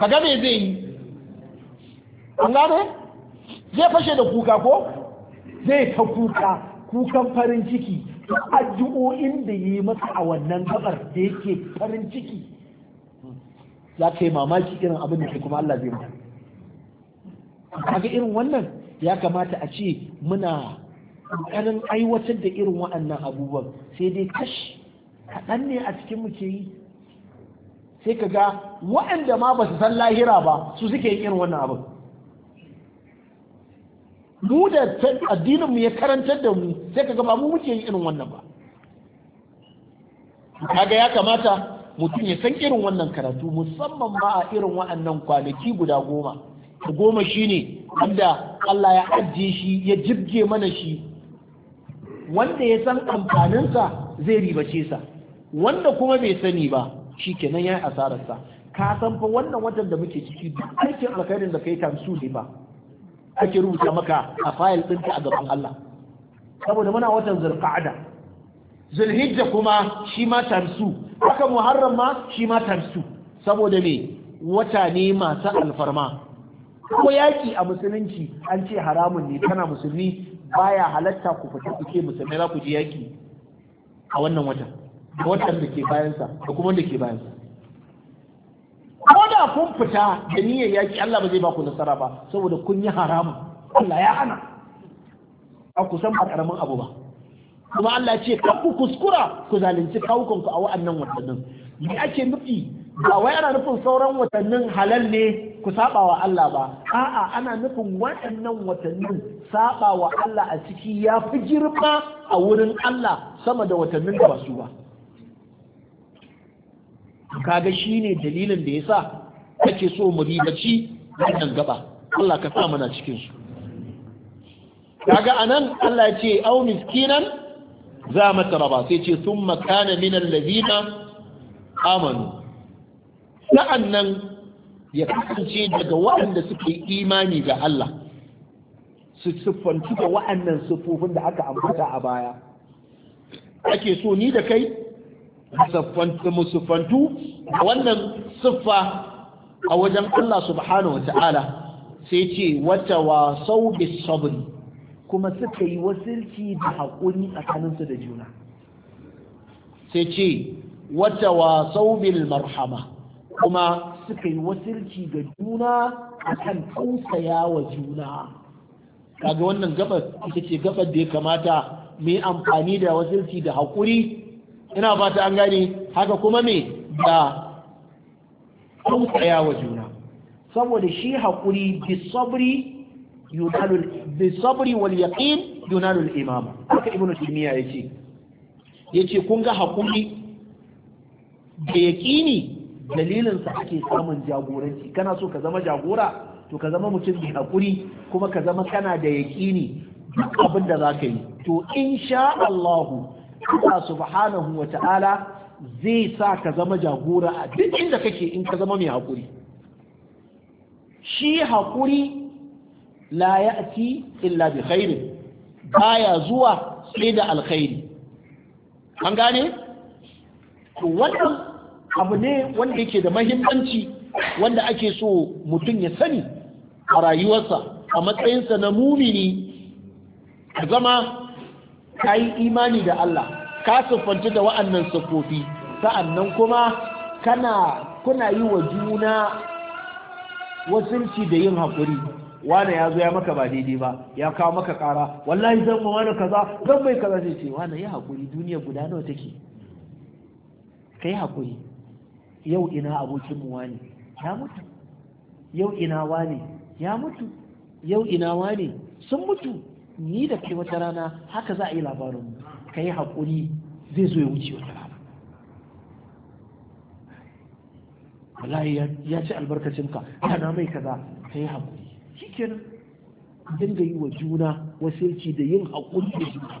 ka game zai yi an gane zai fashe da kuka ko zai ta kuka kukan farin ciki addu'o'in da yi masa a wannan gabar da yake farin ciki za ka yi mamaki irin abin da ke kuma Allah zai mutu kaga irin wannan ya kamata a ce muna ƙoƙarin aiwatar da irin waɗannan abubuwan sai dai kashi. kaɗan ne a cikin mu ke yi sai ka ga waɗanda ma ba su san lahira ba su suke yin irin wannan abin mu da addinin mu ya karantar da mu sai ka ga ba mu muke yin irin wannan ba kaga ya kamata mutum ya san irin wannan karatu musamman ma a irin wa'annan kwanaki guda goma goma shine wanda Allah ya ajiye shi ya jibge mana shi wanda ya san amfaninsa zai ribace sa wanda kuma bai sani ba shi kenan ya yi asararsa ka san fa wannan watan da muke ciki duk aikin alkhairin da kai tamsu ne ba ake rubuta maka a fayil ɗinka a gaban Allah saboda muna watan zulqa'ada zulhijja kuma shi ma tamsu haka muharram ma shi ma tamsu saboda me wata ne masu alfarma ko yaki a musulunci an ce haramun ne kana musulmi baya halatta ku fita kuke musulmai za ku je yaki a wannan watan da waɗanda ke bayansa da kuma wanda ke bayansa ko da kun fita da niyyar yaƙi Allah ba zai ba ku nasara ba saboda kun yi haramu Allah ya hana a kusan ba karamin abu ba kuma Allah ce ku kuskura ku zalunci kawukanku a wa'annan watannin me ake nufi ba wai ana nufin sauran watannin halal ne ku saba wa Allah ba a'a ana nufin waɗannan watannin saba wa Allah a ciki ya fi girma a wurin Allah sama da watannin da ba su ba kaga shine dalilin da yasa kake so mu ribaci wannan gaba Allah ka sa mana cikin su kaga anan Allah ya ce au miskinan za mataraba sai ce thumma kana min allazina amanu sa'annan ya kasance daga waɗanda suke imani ga Allah su siffantu da waɗannan siffofin da aka ambata a baya ake so ni da kai musuffantu wannan siffa a wajen Allah subhanahu wa ta'ala sai ce wata wasau bis sabri kuma suka yi wasilci da haƙuri tsakaninsu da juna sai ce wata wasau bil marhama kuma suka yi wasilci ga juna akan tsaya wa juna kaga wannan gabar ita ce gabar da ya kamata mu amfani da wasilci da haƙuri ina fata an gane haka kuma me da tausaya wa juna saboda shi haƙuri bisabri bisabri wal yaqin yunalul imama haka ibnu taymiya yace yace kun ga haƙuri da yaƙini dalilinsa ake samun jagoranci kana so ka zama jagora to ka zama mutum mai haƙuri kuma ka zama kana da yaƙini abin da za ka yi to insha Allahu Allah subhanahu wa ta'ala zai sa ka zama jagora a duk inda kake in ka zama mai haƙuri shi haƙuri la ya'ti illa bi khairin baya zuwa sai da alkhairi an gane to wannan abu ne wanda yake da mahimmanci wanda ake so mutum ya sani a rayuwarsa a matsayinsa na mumini zama ka yi imani da Allah ka siffanci da wa'annan siffofi sa'annan kuma kana kuna yi wa juna ci da yin haƙuri wane ya zo ya maka ba daidai ba ya kawo maka ƙara wallahi zan ma wani kaza zan bai kaza zai ce wane ya haƙuri duniya guda nawa take Ka yi haƙuri yau ina abokin mu wane? ya mutu yau ina wane? ya mutu yau ina wane? sun mutu ni da kai wata rana haka za a yi labarin ka yi haƙuri zai zo ya wuce wata rana wallahi ya ci albarkacinka na mai kaza ka yi haƙuri shikenan dinga yi wa juna wasilci da yin haƙuri da juna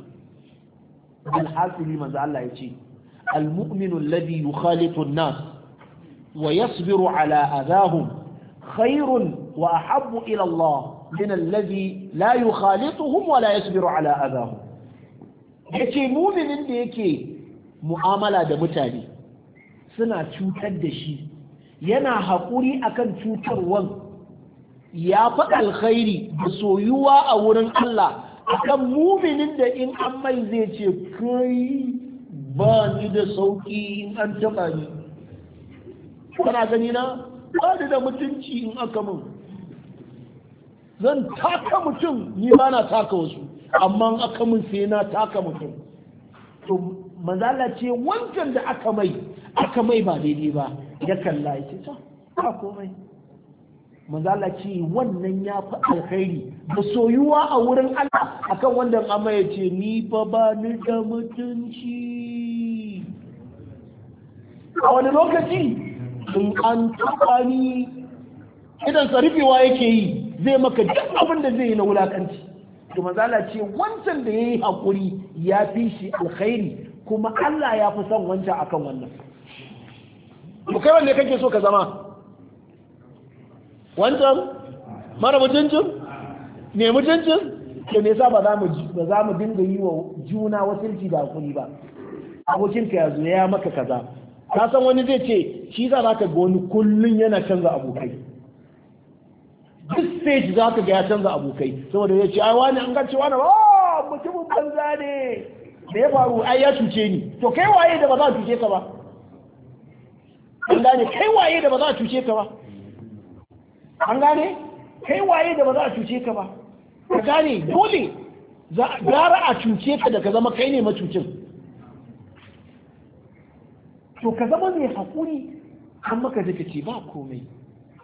alhasili manzo Allah ya ce المؤمن الذي wa الناس ويصبر على أذاهم خير وأحب ila الله min allazi la yukhalituhum wa la yasbiru ala adahum yace muminin da yake mu'amala da mutane suna cutar da shi yana haƙuri akan cutarwan ya fi alkhairi da soyuwa a wurin Allah akan muminin da in an mai zai ce kai ba ni da sauƙi in an taɓa ni kana gani na ba ni da mutunci in aka mun zan taka mutum ni ba na taka wasu amma aka mun sai na taka mutum to manzala ce wancan da aka mai aka mai ba daidai ba ya kalla ya ce ta komai manzala ce wannan ya fi alkhairi da soyuwa a wurin Allah akan wanda amma ya ce ni fa ba ni da mutunci a wani lokaci in an taɓa ni idan sarifewa yake yi zai maka duk abin da zai yi na wulakanci to manzala ce wancan da yayi hakuri ya fi shi alkhairi kuma Allah ya fi son wancan akan wannan to kai wanne kake so ka zama wancan mara mutuncin ne mutuncin to me yasa ba za mu ba za mu dinga yi wa juna wasilci da hakuri ba abokinka ya zo ya maka kaza ka san wani zai ce shi za ka ga wani kullun yana canza abokai duk stage za ka ga ya canza abokai saboda ya ce ai wani an gace wani ba oh, mutumin banza ne da ya faru ai ya cuce ni to kai waye da ba za a cuce ka ba an gane kai waye da ba za a cuce ka ba an gane kai waye da ba za a cuce ka ba ka gane dole gara a cuce ka da ka zama kai ne macucin to ka zama mai haƙuri an maka da ce ba komai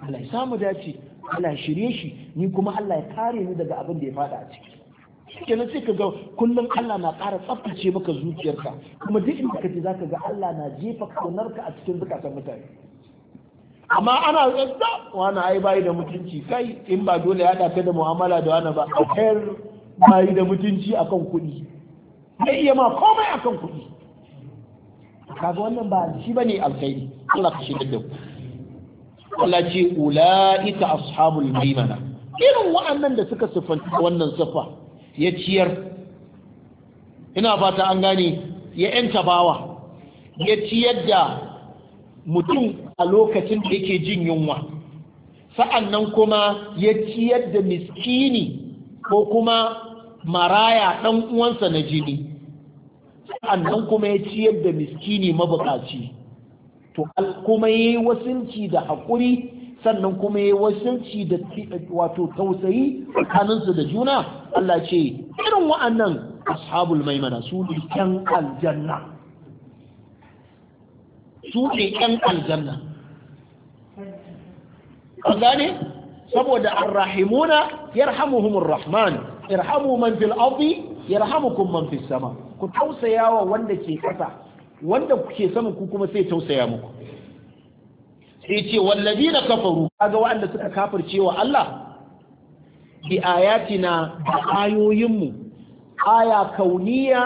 Allah ya samu dace Ana shirye shi ni kuma Allah ya kare ni daga abin da ya fada a ciki kenan sai ka ga kullum Allah na ƙara tsaftace maka zuciyarka kuma duk inda kace zaka ga Allah na jefa kaunarka a cikin zukatan mutane amma ana zata. wani ai bayi da mutunci kai in ba dole ya dace da mu'amala da wani ba akwai bayi da mutunci akan kuɗi zai iya ma komai akan kuɗi kaga wannan ba shi bane alkhairi Allah ka shigar da ku Allah ce ula'ika ashabul maimana irin wa'annan da suka siffanci wannan siffa ya ciyar ina fata an gane ya yanta bawa ya ciyar da mutum a lokacin da yake jin yunwa sa'annan kuma ya ciyar da miskini ko kuma maraya ɗan uwansa na jini sa'annan kuma ya ciyar da miskini mabukaci to kuma yayi wasinci da haƙuri sannan kuma yayi wasinci da wato tausayi tsakaninsu da juna Allah ce irin wa'annan ashabul maimana su ne ƴan aljanna su ne ƴan aljanna an gane saboda arrahimuna yarhamuhumur rahman irhamu man fil ardi yarhamukum man fis sama ku wa wanda ke ƙasa wanda kuke sama ku kuma sai tausaya muku sai ce wallazi na kafaru kaga wanda suka kafirce wa Allah bi ayatina da ayoyinmu aya kauniya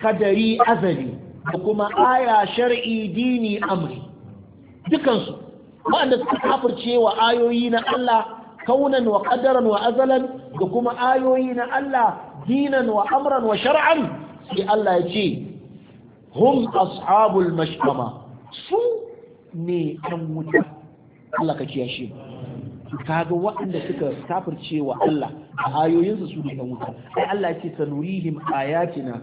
kadari azali da kuma aya shar'i dini amri dukansu wanda suka kafirce wa ayoyi na Allah kaunan wa qadaran wa azalan da kuma ayoyi na Allah dinan wa amran wa shar'an sai Allah ya ce hum ashabul mashkama su ne ɗan wuta Allah ka kiyashe mu kaga waɗanda suka kafirce wa Allah a ayoyinsa su ne ɗan wuta ai Allah ya ce sanurihim ayatina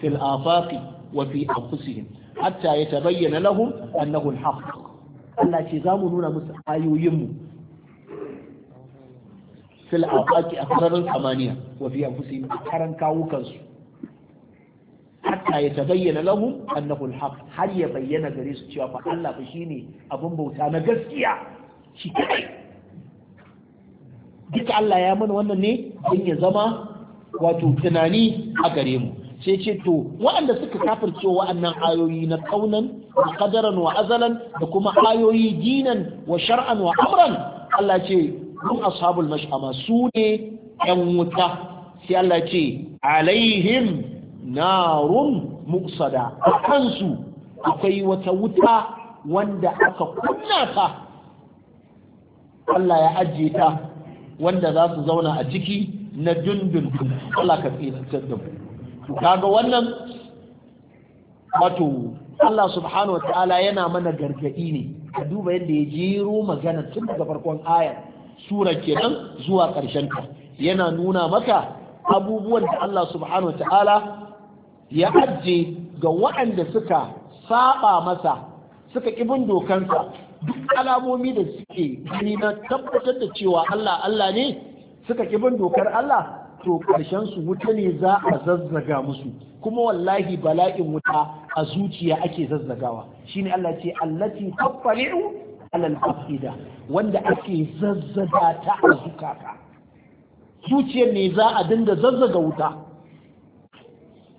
fil afaqi wa fi anfusihim hatta yatabayyana lahum annahu al-haqq Allah ce za mu nuna musu ayoyinmu fil afaqi a sararin samaniya wa fi anfusihim karan kawukansu hatta ya tabayyana lahum annahu alhaq har ya bayyana gare su cewa fa Allah fa shine abun bauta na gaskiya shi Allah ya mana wannan ne don ya zama wato tunani a gare mu sai ce to waɗanda suka kafirce wa'annan ayoyi na kaunan wa qadaran wa azalan da kuma ayoyi dinan wa shar'an wa amran Allah ce hum ashabul mash'ama su ne yan wuta sai Allah ce alaihim narun muksada a kansu akwai wata wuta wanda aka kunna ta Allah ya ajiye ta wanda za su zauna a ciki na dundun Allah ka tsirantar da mu kaga wannan wato Allah subhanahu wa ta'ala yana mana gargadi ne ka duba yadda ya jero magana tun daga farkon aya sura kenan zuwa ƙarshen ta yana nuna maka abubuwan da Allah subhanahu wa ta'ala ya ajiye ga waɗanda suka saba masa suka ibin dokansa duk alamomi da suke gani na tabbatar da cewa Allah Allah ne suka ibin dokar Allah to ƙarshen su wuta ne za a zazzaga musu kuma wallahi bala'in wuta a zuciya ake zazzagawa shine Allah ce allati taffali'u alal afida wanda ake zazzaga ta a zukata zuciyar ne za a dinda zazzaga wuta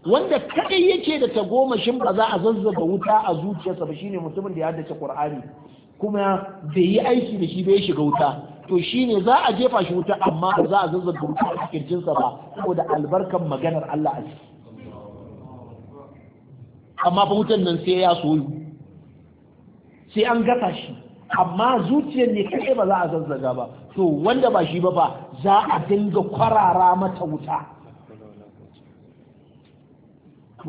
wanda kadai yake da tagomashin ba za a zazzaba wuta a zuciyarsa ba shine mutumin da ya haddace Qur'ani kuma bai yi aiki da shi bai shiga wuta to shine za a jefa shi wuta amma za a zazzaba wuta a kirjinsa ba saboda albarkan maganar Allah a ciki amma fa wutan nan sai ya soyu sai an gasa shi amma zuciyar ne kadai ba za a zazzaga ba to wanda ba shi ba ba za a dinga kwarara mata wuta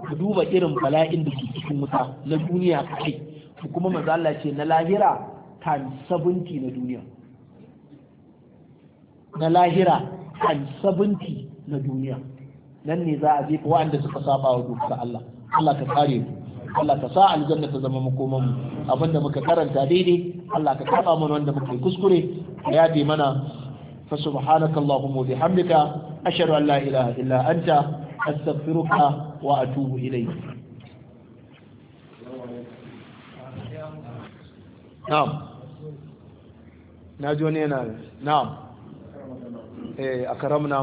Ku duba irin bala'in da ke cikin wuta na duniya kai to kuma manzo ce na lahira times 70 na duniya na lahira times 70 na duniya nan ne za a jefa waɗanda suka saba wa dokar Allah Allah ka kare mu Allah ka sa aljanna ta zama makoman mu abinda muka karanta daidai Allah ka kaba mana wanda muka yi kuskure ka yabe mana fa subhanakallahumma wa bihamdika ashhadu an la ilaha illa anta astaghfiruka wa a ilayk na'am na ji wani yana na'am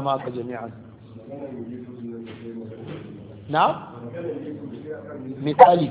ma ka jami'an na misali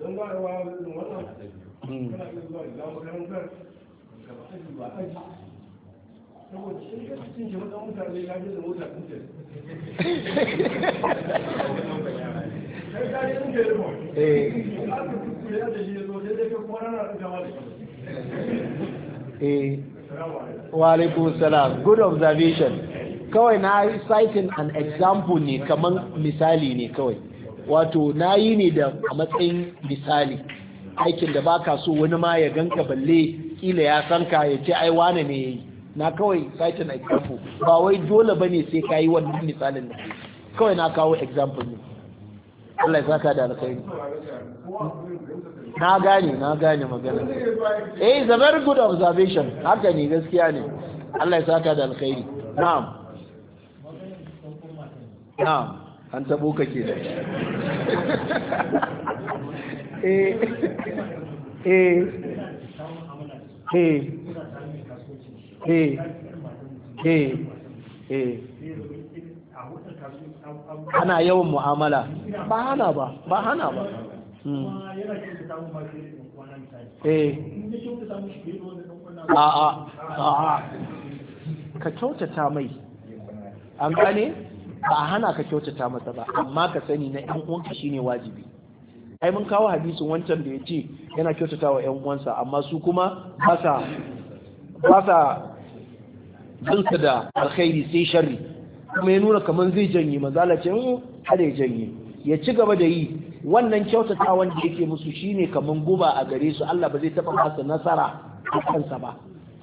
don ba Good observation. Kawai na citing an example ne kaman misali ne kawai. wato na yi ne da a matsayin misali aikin da baka so wani ma ya ganka balle kila ya san ka ya ce ai wane ne yayi na kawai citing example ba wai dole bane sai ka yi wannan misalin da kawai na kawo example ne Allah ya saka da alƙairi na gane na gane magana eh is very good observation haka ne gaskiya ne Allah ya saka da alƙairi na'am na'am an tabo ka ke da eh, eh, eh, ana yawan mu'amala ba hana ba ba hana ba hmm. a'a ka kyautata mai an gane ba a hana ka kyautata masa ba amma ka sani na yan uwanka shine wajibi ai mun kawo hadisin wancan da ya ce yana kyautata wa yan uwansa amma su kuma ba sa ba da alkhairi sai sharri kuma ya nuna kamar zai janye manzala ce mm, kada ya janye ya ci gaba da yi wannan kyautatawan da yake musu shine kamar guba a gare su Allah ba zai taba masa nasara a kansa ba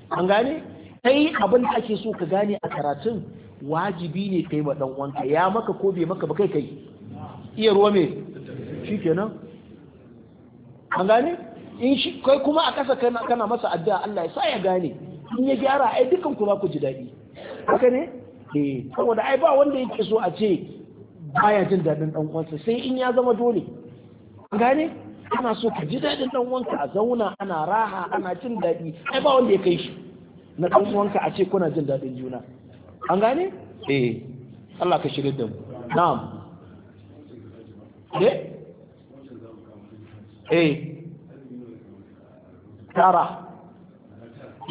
an gane kai abin da ake so ka gane a karatun wajibi ne kai ma dan uwanka ya maka ko bai maka ba kai kai iya ruwa me shikenan an gane in shi kai kuma a kasa kana kana masa addu'a Allah ya sa ya gane in ya gyara ai dukan ku ba ku ji daɗi haka ne eh saboda ai ba wanda yake so a ce baya jin dadin dan uwansa sai in ya zama dole an gane ana so ka ji dadin dan uwanka a zauna ana raha ana jin daɗi ai ba wanda ya kai shi na dan uwanka a ce kuna jin dadin juna an gane eh Allah ka shirin da mu na'am eh eh tara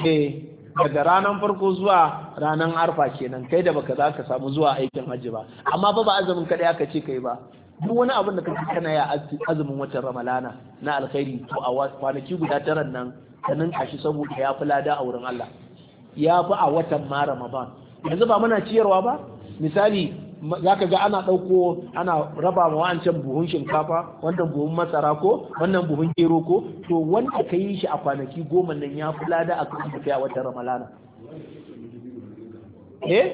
eh daga ranar farko zuwa ranar arfa kenan kai da baka za ka samu zuwa aikin hajji ba amma ba ba azumin kaɗai aka ce kai ba duk wani abin da kake kana ya azumin watan ramalana na alkhairi ko a kwanaki guda taran nan ka ninka shi saboda ya fi lada a wurin Allah ya fi a watan ma ramadan yanzu ba muna ciyarwa ba misali za ka ga ana ɗauko ana raba ma wancan buhun shinkafa wannan buhun masara ko wannan buhun gero ko to wanda ka yi shi a kwanaki goma nan ya fi lada a kan tafiya wata ramalana eh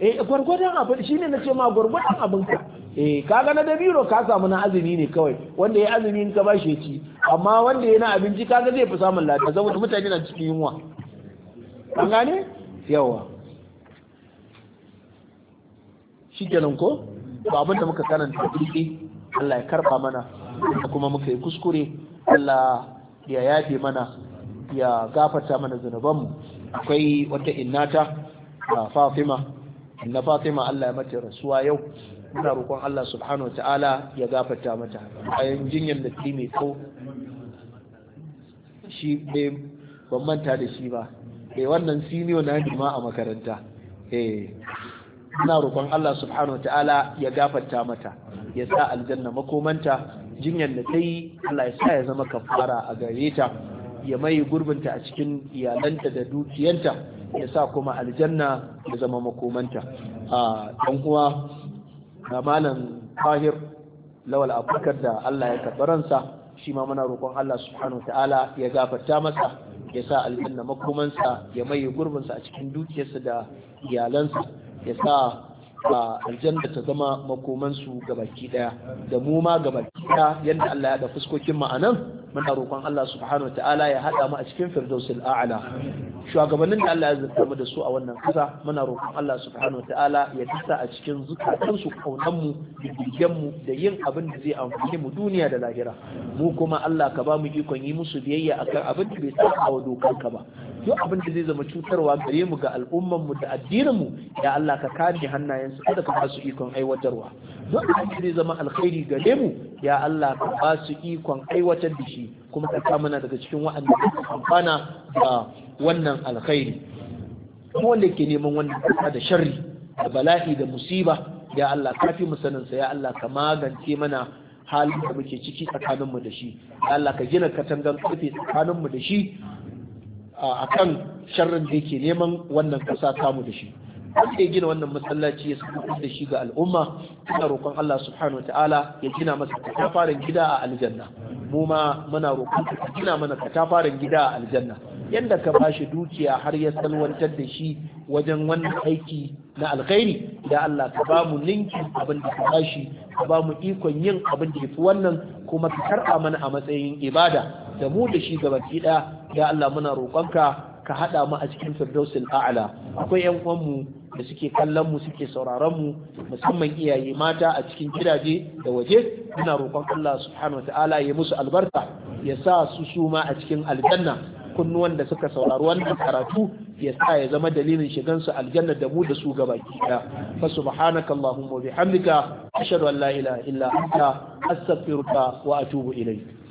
eh gwargwadon abin shi ne na ce ma gwargwadon ka. eh ga na dabiro ka samu na azumi ne kawai wanda ya azumi in ka ba shi ci amma wanda ya na abinci ka ga zai fi samun lada saboda mutane na cikin yunwa an gane yawa shi kenan ko ba abin da muka karanta daidai Allah ya karba mana da kuma muka yi kuskure Allah ya yafe mana ya gafata mana zunubanmu akwai wata innata a Fatima inna Fatima Allah ya mata rasuwa yau muna roƙon Allah subhanahu ta'ala ya gafata mata bayan jinyar da ke mai ko, shi bai ban manta da shi ba eh wannan senior na ma a makaranta eh ina roƙon Allah subhanahu ta'ala ya gafarta mata ya sa aljanna makomanta jinyar da ta yi Allah ya sa ya zama kafara a gare ta ya mai gurbinta a cikin iyalanta da dukiyanta ya sa kuma aljanna ya zama makomanta a ɗan ga malam tahir lawal abubakar da Allah ya karɓi shi ma muna roƙon Allah subhanahu ta'ala ya gafarta masa ya sa aljanna makomansa ya mai gurbinsa a cikin dukiyarsa da iyalansa ya sa a aljanna ta zama makomansu gabaki daya da mu ma gabaki daya yadda Allah ya da fuskokin ma'anan muna roƙon Allah subhanahu wa ta'ala ya haɗa mu a cikin firdausul a'la shugabannin da Allah ya zanta mu da su a wannan kasa muna roƙon Allah subhanahu ta'ala ya dasa a cikin zukatansu kaunan mu bibigen mu da yin abin da zai amfani mu duniya da lahira mu kuma Allah ka ba mu ikon yi musu biyayya akan abin da bai saba wa dokar ka ba duk abin da zai zama cutarwa gare mu ga al'umman mu da addinin mu ya Allah ka kare hannayen su kada ka ba su ikon aiwatarwa duk abin da zai zama alkhairi gare mu ya Allah ka ba su ikon aiwatar da shi kuma ka sa mana daga cikin wa'anda suka amfana da wannan alkhairi kuma wanda ke neman wannan kasa da sharri da bala'i da musiba ya Allah kafi mu saninsa. ya Allah ka magance mana halin da muke ciki tsakanin mu da shi ya Allah ka gina katangan karfe tsakanin mu da shi akan sharrin da yake neman wannan kasa kamu da shi wanda ya gina wannan masallaci ya saka da shi ga al'umma ina roƙon Allah subhanahu Ta'ala ya gina masa katafaren gida a aljanna mu ma muna roƙon ka gina mana katafaren gida a aljanna yanda ka bashi dukiya har ya salwantar da shi wajen wannan aiki na alkhairi da Allah ka ba mu ninki abin da ka bashi ka ba mu ikon yin abin da yafi wannan kuma ka karɓa mana a matsayin ibada da mu da shi gaba ɗaya ya Allah muna roƙonka ka haɗa mu a cikin firdausil a'ala akwai yan uwanmu da suke kallon mu suke sauraron mu musamman iyaye mata a cikin gidaje da waje Ina roƙon Allah subhanahu ta'ala ya musu albarka ya sa su suma a cikin aljanna kunnuwan da suka saurari wannan karatu ya sa ya zama dalilin shigan su aljanna da mu da su gaba ɗaya fa subhanaka allahumma bihamdika ashhadu an la ilaha illa anta astaghfiruka wa atubu ilayk